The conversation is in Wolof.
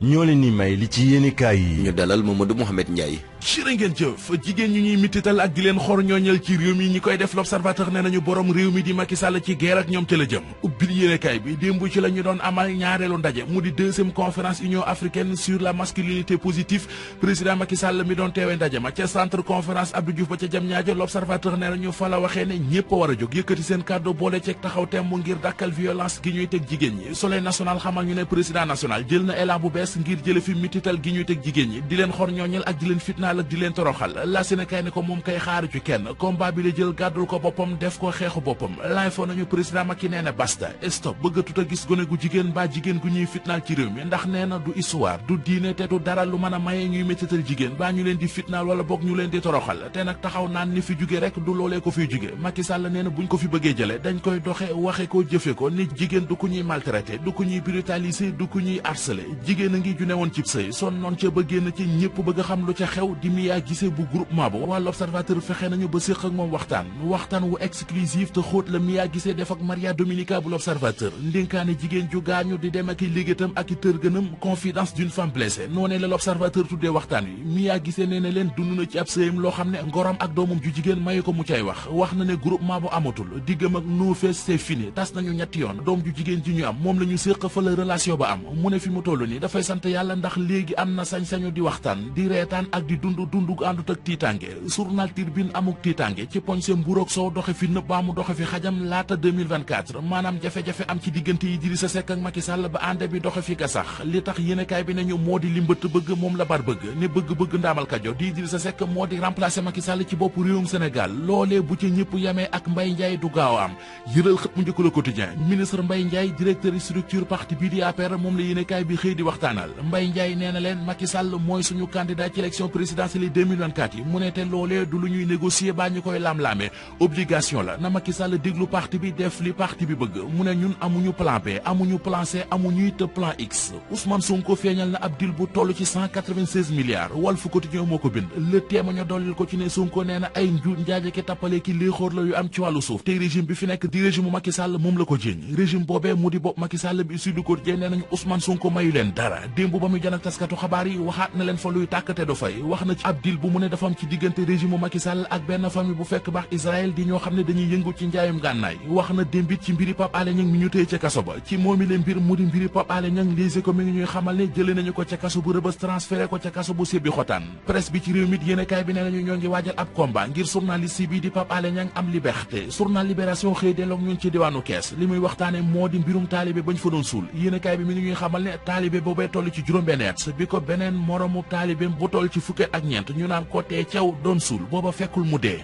ñoo leen ni may li ci yéenekaay yi. ñu dalal Mamadou Mouhamed Ndiaye. jërë ngeen jëf jigéen ñu ñuy mitital ak di leen xor ñooñal ci réew mi ñi koy def l'observateur nee nañu borom réew mi di Macky ci guerre ak ñoom ca la jëm ubbil yéenekaay bi démb ci la doon amal ñaareelu ndaje mu di deuxième conférence union africaine sur la masculinité positive président Macky Sall mi doon teewee ndaje ma ca centre conférence Abdou Diouf ba ca jam ñaajo l'observateur waxee ne seen kàddu boole ceeg taxaw temb ngir dàkkal ñi soleil national xamal ñu ne président national na élan bu bees ngir jële fi mitital gi ñuy teg jigéen ñi di def ko xeexu boppam l'info nañu président Macky nee na basta stop bëggatut a gis gone gu jigéen mbaa jigéen gu ndax nee na du histoire du diine te du dara lu mën a maye ñuy mitital jigéen baa ñu leen di fitnaal wala boog ñu leen di toroxal te nag taxaw naan ni fi juge rek du loolee ko fiy juge Macky Sall nee na buñ ko fi bëggee jële dañ koy doxe waxe ko jëfe ko ni jigéen du ku ñuy maltraité du ku ñuy brutaliser du ku ñuy harcelé a ngi ju ne woon cib sëy son noon ca ba génn ci ñëpp bëgg a xam lu ca xew di miyaa gisee bu groupement ba waa l'observateur fexe nañu ba séq ak moom waxtaan waxtaan wu exclusif te xóot la miyaa gisee def ak Maria Dominica bu l'observateur ndénkaane jigéen ju gaañu di dem ak i liggéeyam ak i tërgënam confidence d'une femme blessée noonee la l'observateur tuddee waxtaan wi miyaa gisee nee na leen dund na ci ab sëyam loo xam ne ngorom ak doomam ju jigéen mayu ko mu cay wax wax na ne groupement bu amatul diggam ak no fees c'est fini tas nañu ñetti yoon doom jigéen ji ñu am moom la ñu séq fa relation ba am sant yàlla ndax léegi am na sañ-sañu di waxtaan di reetaan ak di dund dund gu àndut ak tiitange journal Tribune amuk tiitange ci poñse mburoog soow doxe fi nëb baa mu doxe fi xajam laata 2024 maanaam jafe-jafe am ci diggante Idrissa Seck ak Macky Sall ba ànde bi doxe fi ka sax li tax yéenekaay bi nañu moo di li mbëtt bëgg moom la bar bëgg ne bëgg-bëgg ndaamal kajo di Idrissa Seck moo di remplacer Macky Sall ci bopp réewum Sénégal loole bu ci ñëpp yamee ak mbay Ndiaye du gaaw am yëral xët mu njëkk Le Quotidien ministre Mbaye Ndiaye directeur structure parti bi di APR moom la yéenekaay bi xëy di waxtaan ñaanal Mbaye Ndiaye nee leen Macky Sall mooy suñu candidat ci élection présidentielle 2024 mu ne te loolee du lu ñuy négocier baa ñu koy lam-laamee obligation la na Macky Sall déglu parti bi def li parti bi bëgg mu ne ñun amuñu plan B amuñu plan C amuñuy te plan X Ousmane Sonko feeñal na ab dil bu toll ci 196 milliards Walf Quotidien moo ko bind le téeméer dollil ko ci ne Sonko nee na ay njuuj ki tappale ki la yu am ci wàllu suuf te régime bi fi nekk démb ba muy jan taskatu xabaar yi waxaat na leen fa luy tàkkate du fay wax na ci ab deal bu mu ne dafa am ci diggante régime Macky Sall ak benn famille bu fekk baax Israël di ñoo xam ne dañuy yëngu ci njaayum gànnaay wax na démbit ci mbiri Pape Alé Niang mi ñu téye ca kaso ba ci moomi le mbir mu di mbiri Pape Alé Niang lise ko mi ngi ñuy xamal ne jële nañu ko ca kaso bu rëbës transféré ko ca kaso bu sébbi xotaan presse bi ci réew mit yéenekaay bi ne toll ci juróom-benn at bi ko beneen moromu taalibeem bu toll ci fukki ak ñeent ñu naan ko tee caw doon suul booba fekkul mu dee.